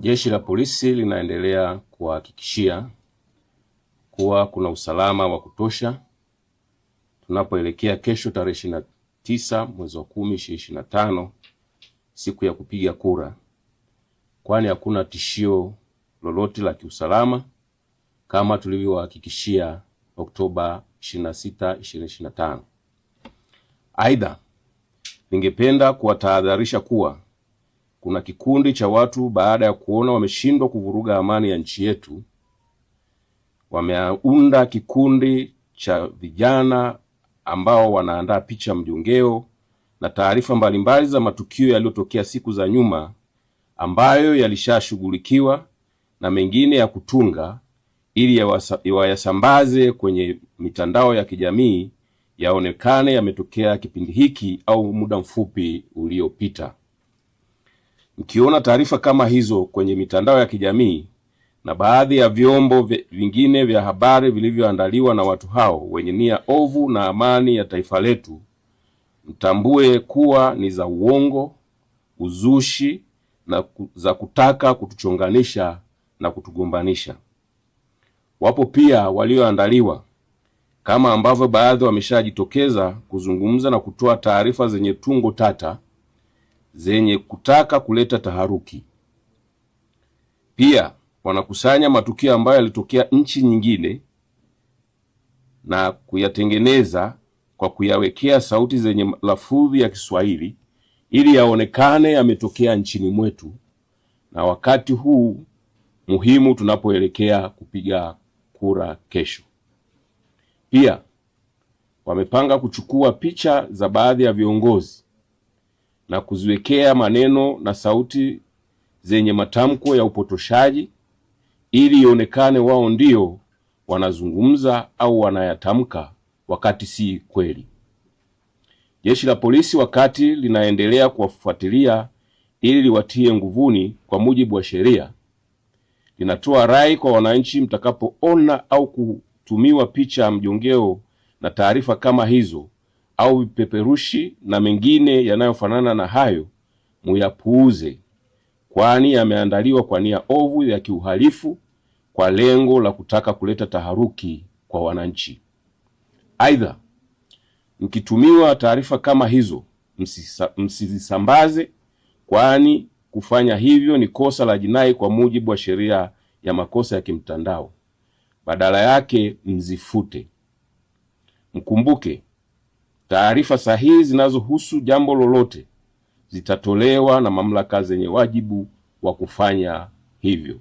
Jeshi la polisi linaendelea kuwahakikishia kuwa kuna usalama wa kutosha tunapoelekea kesho tarehe ishirini na tisa mwezi wa kumi ishirini na tano siku ya kupiga kura, kwani hakuna tishio lolote la kiusalama kama tulivyowahakikishia Oktoba 26, 2025. Aidha, ningependa kuwatahadharisha kuwa kuna kikundi cha watu baada ya kuona wameshindwa kuvuruga amani ya nchi yetu, wameunda kikundi cha vijana ambao wanaandaa picha mjongeo na taarifa mbalimbali za matukio yaliyotokea siku za nyuma ambayo yalishashughulikiwa na mengine ya kutunga ili wayasambaze kwenye mitandao ya kijamii yaonekane yametokea kipindi hiki au muda mfupi uliopita mkiona taarifa kama hizo kwenye mitandao ya kijamii na baadhi ya vyombo vingine vya habari vilivyoandaliwa na watu hao wenye nia ovu na amani ya taifa letu, mtambue kuwa ni za uongo, uzushi na za kutaka kutuchonganisha na kutugombanisha. Wapo pia walioandaliwa kama ambavyo baadhi wameshajitokeza kuzungumza na kutoa taarifa zenye tungo tata zenye kutaka kuleta taharuki. Pia wanakusanya matukio ambayo yalitokea nchi nyingine na kuyatengeneza kwa kuyawekea sauti zenye lafudhi ya Kiswahili ili yaonekane yametokea nchini mwetu, na wakati huu muhimu tunapoelekea kupiga kura kesho. Pia wamepanga kuchukua picha za baadhi ya viongozi na kuziwekea maneno na sauti zenye matamko ya upotoshaji ili ionekane wao ndio wanazungumza au wanayatamka wakati si kweli. Jeshi la polisi wakati linaendelea kuwafuatilia ili liwatie nguvuni kwa mujibu wa sheria, linatoa rai kwa wananchi, mtakapoona au kutumiwa picha ya mjongeo na taarifa kama hizo au vipeperushi na mengine yanayofanana na hayo muyapuuze, kwani yameandaliwa kwa nia ovu ya kiuhalifu kwa lengo la kutaka kuleta taharuki kwa wananchi. Aidha, mkitumiwa taarifa kama hizo msizisambaze, kwani kufanya hivyo ni kosa la jinai kwa mujibu wa sheria ya makosa ya kimtandao. Badala yake mzifute. Mkumbuke, Taarifa sahihi zinazohusu jambo lolote zitatolewa na mamlaka zenye wajibu wa kufanya hivyo.